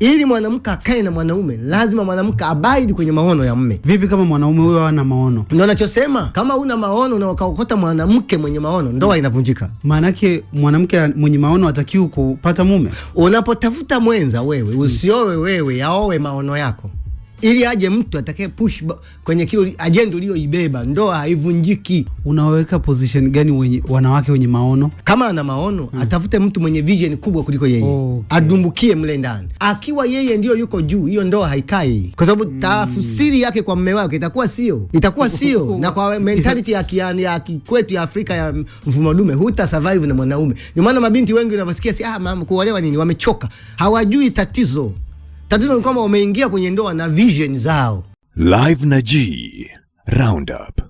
Ili mwanamke akae na mwanaume, lazima mwanamke abaidi kwenye maono ya mme. Vipi kama mwanaume huyo hana maono? Ndio anachosema kama una maono na ukaokota mwanamke mwenye maono, ndoa mm. inavunjika. Maanake mwanamke mwenye maono hatakiwi kupata mume. Unapotafuta mwenza, wewe mm. usiowe, wewe yaowe maono yako ili aje mtu atakaye push kwenye kilo ajenda uliyoibeba. Ndoa haivunjiki. Unaweka position gani wenye, wanawake wenye maono? Kama ana maono hmm, atafute mtu mwenye vision kubwa kuliko yeye. Okay, adumbukie mle ndani. Akiwa yeye ndiyo yuko juu, hiyo ndoa haikai, kwa sababu hmm, tafsiri yake kwa mme wake itakuwa sio, itakuwa sio na kwa mentality ya kiani ya kikwetu ya Afrika ya mfumo dume, huta survive na mwanaume. Ndio maana mabinti wengi unavyosikia si ah, mama kuolewa nini, wamechoka hawajui tatizo Tatizo ni kwamba wameingia kwenye ndoa na vision zao. Live na G Roundup.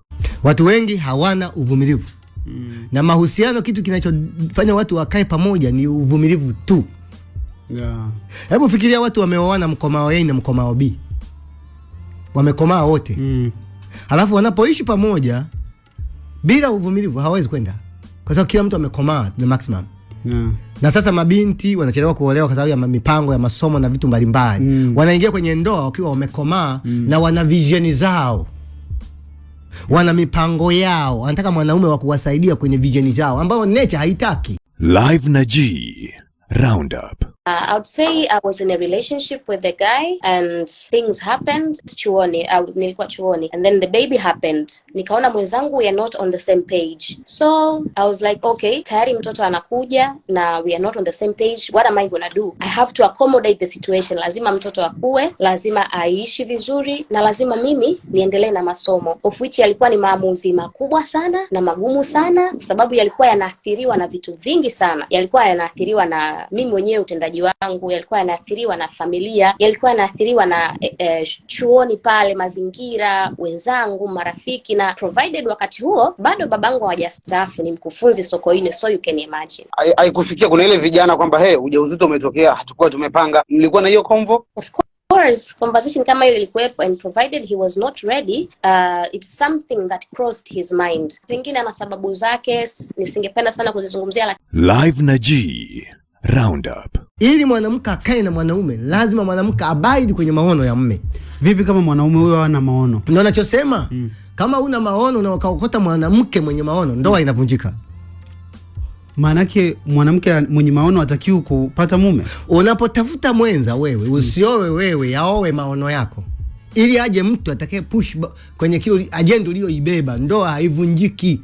Watu wengi hawana uvumilivu mm. na mahusiano, kitu kinachofanya watu wakae pamoja ni uvumilivu tu yeah. Hebu fikiria watu wameoana, mkomao A na mkomao B, wamekomaa wote mm. Alafu wanapoishi pamoja bila uvumilivu hawawezi kwenda, kwa sababu kila mtu amekomaa the maximum. Na sasa mabinti wanachelewa kuolewa kwa sababu ya mipango ya masomo na vitu mbalimbali mm. Wanaingia kwenye ndoa wakiwa wamekomaa mm. Na wana visheni zao, wana mipango yao, wanataka mwanaume wa kuwasaidia kwenye visheni zao ambao nature haitaki. Live na G Roundup. Uh, I would say I was in a relationship with a guy and things happened chuoni. I was, nilikuwa chuoni and then the baby happened. Nikaona mwenzangu we are not on the same page. So I was like, okay, tayari mtoto anakuja na we are not on the same page. What am I gonna do? I have to accommodate the situation. Lazima mtoto akue, lazima aishi vizuri na lazima mimi niendelee na masomo. Of which yalikuwa ni maamuzi makubwa sana na magumu sana kwa sababu yalikuwa yanaathiriwa na vitu vingi sana. Yalikuwa yanaathiriwa na mimi mwenyewe utendaji wangu yalikuwa yanaathiriwa na familia, yalikuwa yanaathiriwa na e, e, chuoni pale, mazingira, wenzangu, marafiki na provided. Wakati huo bado babangu hawajastaafu, ni mkufunzi Sokoine, so you can imagine. Haikufikia kuna ile vijana kwamba hey, ujauzito umetokea, hatukuwa tumepanga. Mlikuwa na hiyo convo? course conversation kama hiyo ilikuwepo, and provided he was not ready uh, it's something that crossed his mind. Pengine ana sababu zake, nisingependa sana kuzizungumzia. Live na G Roundup. Ili mwanamke akae na mwanaume lazima mwanamke abaidi kwenye maono ya mme. Vipi kama mwanaume huyo hana maono? Ndio nachosema mm. Kama una maono na ukaokota mwanamke mwenye maono, ndoa inavunjika. Maanake mwanamke mwenye maono hatakiwi kupata mume. Unapotafuta mwenza wewe, usiowe wewe, yaowe maono yako, ili aje mtu atakaye push kwenye kile ajenda uliyoibeba. Ndoa haivunjiki.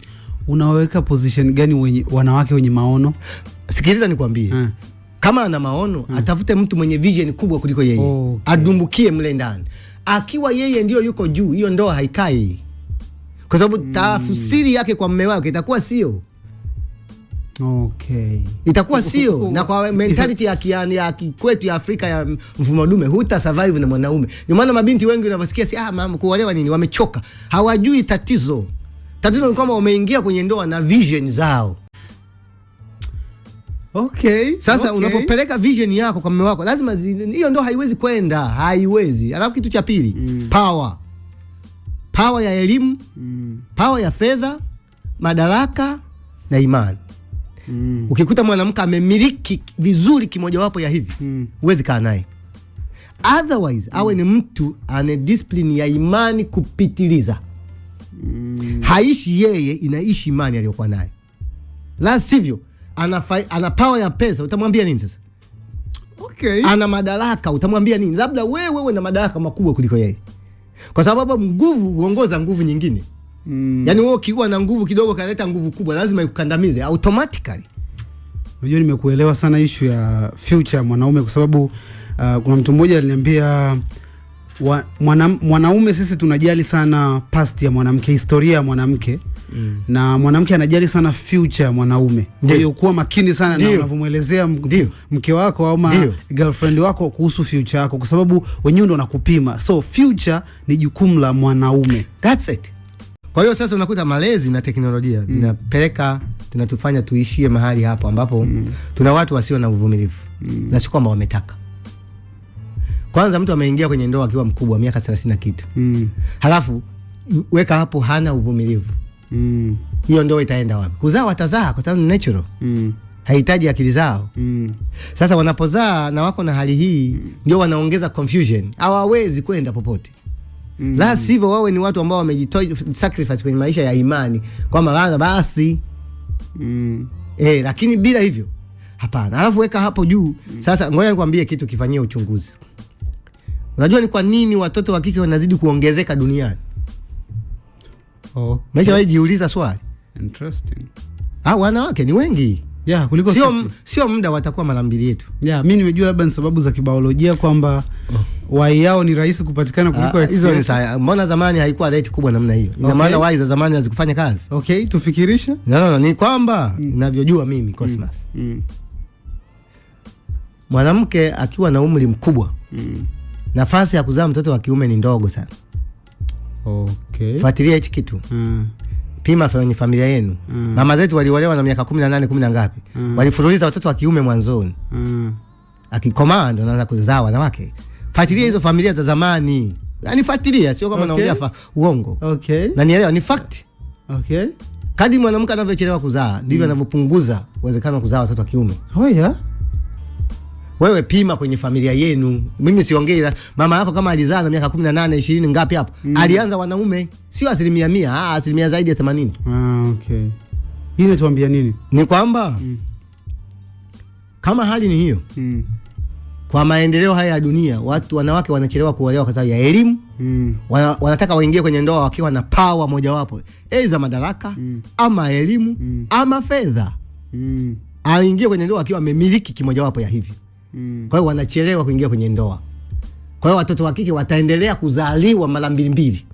Unaweka position gani wenye wanawake wenye maono? Sikiliza nikwambie hmm. Kama ana maono hmm. atafute mtu mwenye vision kubwa kuliko yeye okay. Adumbukie mle ndani, akiwa yeye ndio yuko juu, hiyo ndoa haikai, kwa sababu hmm. tafsiri yake kwa mme wake itakuwa sio Okay. Itakuwa sio na kwa mentality ya kiani ya kikwetu ya Afrika ya mfumo dume huta survive na mwanaume. Ndio maana mabinti wengi wanavyosikia si ah mama kuolewa nini wamechoka. Hawajui tatizo. Tatizo ni kwamba wameingia kwenye ndoa na vision zao. Okay, sasa okay. Unapopeleka vision yako kwa mume wako lazima hiyo ndo haiwezi kwenda, haiwezi. Alafu kitu cha pili mm. power power ya elimu mm. power ya fedha, madaraka na imani mm. Ukikuta mwanamke amemiliki vizuri kimojawapo ya hivi mm. kaa naye otherwise mm. awe ni mtu ana discipline ya imani kupitiliza mm. haishi yeye, inaishi imani aliyokuwa naye, la sivyo ana, power ya pesa, utamwambia nini sasa? Okay. Ana madaraka, utamwambia nini? Labda wewe na madaraka makubwa kuliko yeye, kwa sababu nguvu huongoza nguvu nyingine. Mm. Yaani wewe ukiwa na nguvu kidogo kaleta nguvu kubwa, lazima ikukandamize automatically. Unajua, nimekuelewa sana issue ya future mwanaume, kwa sababu uh, kuna mtu mmoja aliniambia mwanaume, sisi tunajali sana past ya mwanamke, historia ya mwanamke Mm. na mwanamke anajali sana future ya mwanaume. Kwa hiyo kuwa makini sana Dio. na unavyomwelezea mke wako au girlfriend wako kuhusu future yako, kwa sababu wenyewe ndio wanakupima. So future ni jukumu la mwanaume, that's it. Kwa hiyo sasa unakuta malezi na teknolojia mm. vinapeleka tunatufanya tuishie mahali hapo ambapo mm. tuna watu wasio na uvumilivu mm. na si kwamba wametaka kwanza mtu ameingia kwenye ndoa akiwa mkubwa miaka 30 na kitu mm. halafu weka hapo hana uvumilivu mm. hiyo ndio itaenda wapi? Kuzaa watazaa kwa sababu ni natural mm. haihitaji akili zao mm. Sasa wanapozaa na wako na hali hii mm. ndio wanaongeza confusion, hawawezi kwenda popote mm. la sivyo wawe ni watu ambao wamejitoa sacrifice kwenye maisha ya imani kwa maana basi mm. eh, lakini bila hivyo hapana. Alafu weka hapo juu mm. Sasa ngoja nikwambie kitu, kifanyie uchunguzi. Unajua ni kwa nini watoto wa kike wanazidi kuongezeka duniani? Okay. Meshawahi jiuliza swali? Interesting. Ah, wanawake ni wengi yeah, kuliko sio, Sio muda watakuwa mara mbili yetu yeah, mimi nimejua labda ni sababu za kibiolojia kwamba oh, wai yao ni rahisi kupatikana kuliko ah, hizo ni saa. Mbona zamani haikuwa rate kubwa namna hiyo? Ina maana okay, wai za zamani hazikufanya kazi. Okay, tufikirisha. No, no, no, ni kwamba mm, ninavyojua mimi Cosmas, mm, mm, mwanamke akiwa na umri mkubwa mm, nafasi ya kuzaa mtoto wa kiume ni ndogo sana okay. Fuatilia hichi kitu mm. Pima kwenye familia yenu mm. Mama zetu waliolewa na miaka kumi na nane kumi na ngapi mm. Walifuruliza watoto wa kiume mwanzoni mm. Akikomaa ndo anaanza kuzaa wanawake. Fuatilia hizo familia za zamani, yani fuatilia, sio kama okay. Naongea uongo okay. Na nielewa ni fact okay. kadi mwanamke anavyochelewa kuzaa ndivyo mm. anavyopunguza uwezekano wa kuzaa watoto wa kiume oh, yeah. Wewe pima kwenye familia yenu. Mimi siongei mama yako kama alizaanza miaka 18, 20 ngapi hapo? Mm. Alianza wanaume, sio asilimia mia, ah, asilimia zaidi ya 80. Ah, okay. Hii inatuambia nini? Ni kwamba mm. kama hali ni hiyo mm. kwa maendeleo haya ya dunia watu wanawake wanachelewa kuolewa kwa sababu ya elimu mm. wana, wanataka waingie kwenye ndoa wakiwa na pawa mojawapo aidha madaraka mm. ama elimu mm. ama fedha mm. aingie kwenye ndoa akiwa amemiliki kimojawapo ya hivi Mm. Kwa hiyo wanachelewa kuingia kwenye ndoa. Kwa hiyo watoto wa kike wataendelea kuzaliwa mara mbili mbili.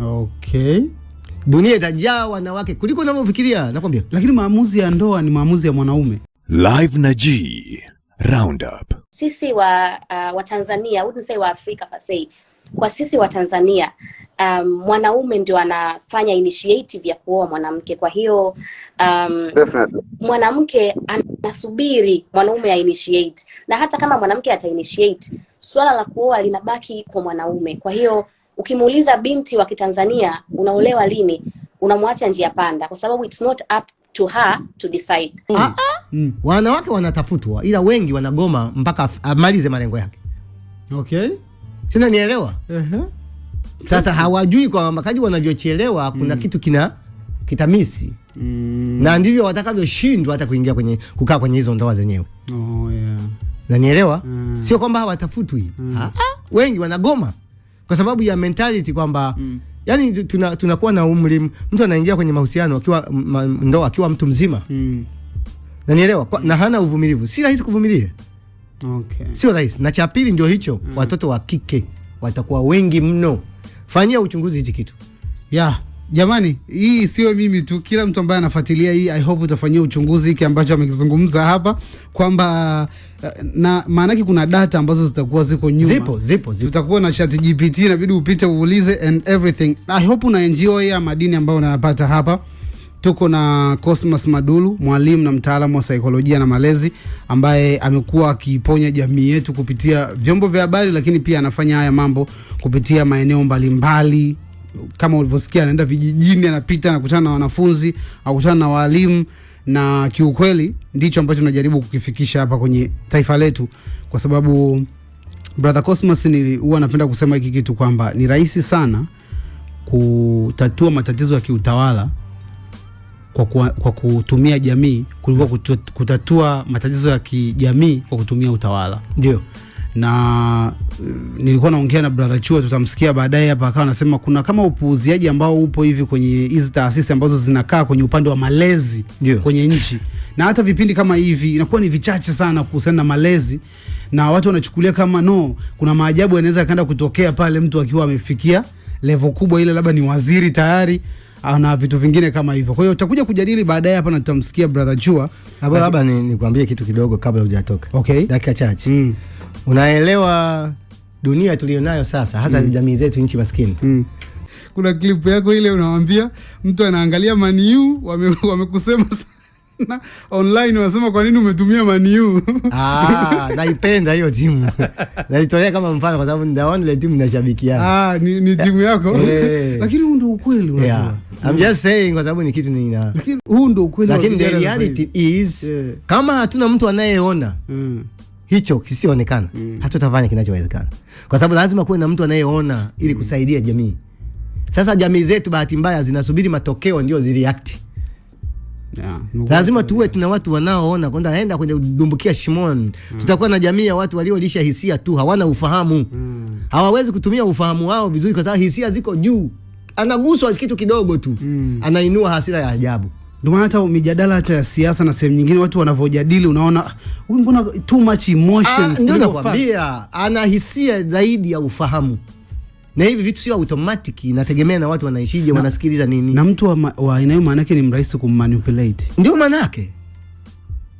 Okay. Dunia itajaa wanawake kuliko unavyofikiria, nakwambia. Lakini maamuzi ya ndoa ni maamuzi ya mwanaume. Live na G Roundup. Sisi wa uh, wa Tanzania, wouldn't say wa Afrika Kwa sisi wa Tanzania um, mwanaume ndio anafanya initiative ya kuoa mwanamke. Kwa hiyo um, mwanamke anasubiri mwanaume ya initiate, na hata kama mwanamke ata initiate, swala la kuoa linabaki kwa mwanaume. Kwa hiyo ukimuuliza binti wa Kitanzania unaolewa lini, unamwacha njia panda, kwa sababu it's not up to her to decide. Mm. Ah, ah. Mm. Wanawake wanatafutwa, ila wengi wanagoma mpaka amalize malengo yake. Okay, sina nielewa. uh -huh. Sasa hawajui kwa makaji wanavyochelewa kuna mm. kitu kina kitamisi mm. na ndivyo watakavyoshindwa hata kuingia kwenye kukaa kwenye hizo ndoa zenyewe. Oh, yeah. Nanielewa mm. sio kwamba hawatafutwi mm. Ah, ah, wengi wanagoma kwa sababu ya mentality kwamba mm. yani tunakuwa tuna na umri, mtu anaingia kwenye mahusiano akiwa ndoa akiwa mtu mzima mm. nanielewa kwa, mm. na hana uvumilivu, si rahisi kuvumilia okay. sio rahisi. Na cha pili ndio hicho mm. watoto wa kike watakuwa wengi mno fanyia uchunguzi hichi kitu yeah. Jamani, hii sio mimi tu, kila mtu ambaye anafuatilia hii, I hope utafanyia uchunguzi hiki ambacho amekizungumza hapa kwamba eh, na maanake kuna data ambazo zitakuwa ziko nyuma, zipo zipo zipo, na chat GPT, inabidi upite uulize and everything. I hope una enjoy ya madini ambayo unayapata hapa tuko na Cosmas Madulu, mwalimu na mtaalamu wa saikolojia na malezi, ambaye amekuwa akiponya jamii yetu kupitia vyombo vya habari, lakini pia anafanya haya mambo kupitia maeneo mbalimbali kama ulivyosikia, anaenda vijijini, anapita, anakutana na wanafunzi, anakutana na walimu na kiukweli ndicho ambacho tunajaribu kukifikisha hapa kwenye taifa letu, kwa sababu brother Cosmas, ni huwa anapenda kusema hiki kitu kwamba ni rahisi sana kutatua matatizo ya kiutawala kwa, kwa, kwa kutumia jamii kuliko kutatua matatizo ya kijamii kwa kutumia utawala. Ndio na eh, nilikuwa naongea na brother Chua, tutamsikia baadaye hapa, akawa anasema kuna kama upuuziaji ambao upo hivi kwenye hizi taasisi ambazo zinakaa kwenye upande wa malezi Dio. kwenye nchi na hata vipindi kama hivi inakuwa ni vichache sana kuhusiana na malezi, na watu wanachukulia kama no, kuna maajabu yanaweza kaenda kutokea pale mtu akiwa amefikia level kubwa ile, labda ni waziri tayari na vitu vingine kama hivyo. Kwa hiyo utakuja kujadili baadaye hapa na tutamsikia brother Jua. Labda nikwambie kitu kidogo kabla hujatoka. Okay. Dakika chache. Mm. Unaelewa dunia tulionayo sasa hasa mm. jamii zetu nchi maskini mm. Kuna klipu yako ile unawambia mtu anaangalia maniu wamekusema wame online wanasema kwa nini umetumia maniu? Ah, naipenda hiyo timu naitolea kama mfano kwa sababu ndio ile timu ninashabikia. Ah, ni, ni timu yako hey. Eh. Lakini huu ndio ukweli unajua yeah. I'm just saying kwa sababu ni kitu nina, lakini huu ndio ukweli, lakini the reality is yeah. Kama hatuna mtu anayeona mm hicho kisionekana mm. hatutafanya kinachowezekana, kwa sababu lazima kuwe na mtu anayeona ili mm. kusaidia jamii. Sasa jamii zetu bahati mbaya zinasubiri matokeo ndio zireact. Yeah, lazima tuwe tuna watu wanaoona kwenda naenda kwenye dumbukia shimon mm. Tutakuwa na jamii ya watu waliolisha hisia tu, hawana ufahamu mm. Hawawezi kutumia ufahamu wao vizuri, kwa sababu hisia ziko juu. Anaguswa kitu kidogo tu mm. Anainua hasira ya ajabu. ndomana hata mijadala hata ya siasa na sehemu nyingine watu wanavyojadili, unaona huyu mbona too much emotions. Ah, ndio nakwambia, ana hisia zaidi ya ufahamu na hivi vitu sio automatic, inategemea na watu wanaishije, wanasikiliza nini. Na mtu wa, aina hiyo maana yake ni mrahisi kummanipulate, ndio maana yake.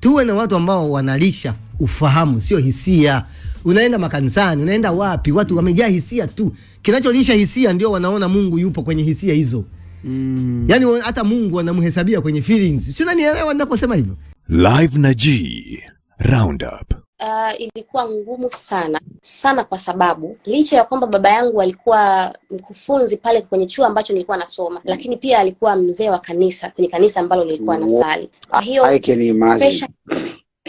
Tuwe na watu ambao wanalisha ufahamu, sio hisia. Unaenda makanisani, unaenda wapi, watu wamejaa hisia tu. Kinacholisha hisia ndio wanaona Mungu yupo kwenye hisia hizo. Mm. Yaani hata Mungu anamhesabia kwenye feelings. Si unanielewa ninakosema hivyo? Live na G Roundup uh, ilikuwa ngumu sana sana, kwa sababu licha ya kwamba baba yangu alikuwa mkufunzi pale kwenye chuo ambacho nilikuwa nasoma, mm. lakini pia alikuwa mzee wa kanisa kwenye kanisa ambalo nilikuwa nasali. Kwa hiyo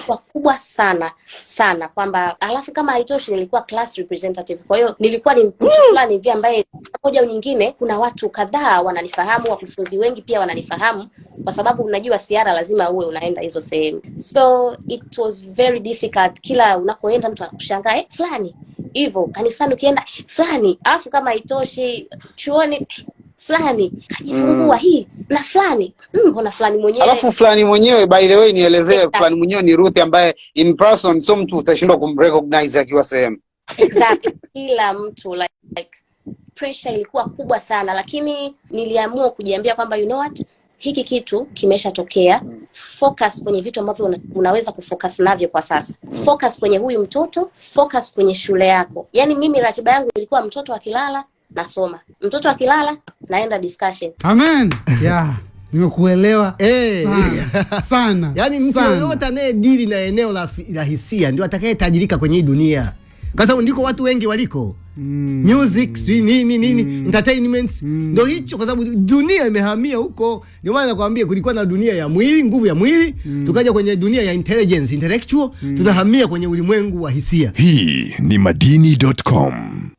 ilikuwa kubwa sana sana, kwamba alafu kama haitoshi nilikuwa class representative. Kwa hiyo nilikuwa ni mtu mm. fulani hivi ambaye moja au nyingine, kuna watu kadhaa wananifahamu, wakufunzi wengi pia wananifahamu, kwa sababu unajua siara lazima uwe unaenda hizo sehemu, so it was very difficult. Kila unakoenda mtu anakushangaa eh, fulani hivyo kanisani, ukienda eh, fulani, alafu kama haitoshi chuoni fulani kajifungua mm. hii na fulani mm, mbona mm, fulani mwenyewe. Alafu fulani mwenyewe by the way, nielezee, fulani mwenyewe ni Ruth ambaye in person sio mtu utashindwa kumrecognize akiwa sehemu exactly. Kila mtu like, like pressure ilikuwa kubwa sana, lakini niliamua kujiambia kwamba you know what hiki kitu kimeshatokea. Mm. Focus kwenye vitu ambavyo una, unaweza kufocus navyo kwa sasa. Mm. Focus kwenye huyu mtoto, focus kwenye shule yako. Yaani mimi ratiba yangu ilikuwa mtoto akilala nasoma, mtoto akilala naenda discussion. Amen. Yeah. Nimekuelewa sana, sana. Yani mtu yoyote anaye dili na eneo la, la hisia ndio atakayetajirika kwenye hii dunia, kwa sababu ndiko watu wengi waliko mm. music swi nini nini mm. entertainment mm. ndo hicho, kwa sababu dunia imehamia huko. Ndio maana nakwambia kulikuwa na dunia ya mwili, nguvu ya mwili mm. tukaja kwenye dunia ya intelligence intellectual mm. tunahamia kwenye ulimwengu wa hisia. Hii ni madini.com.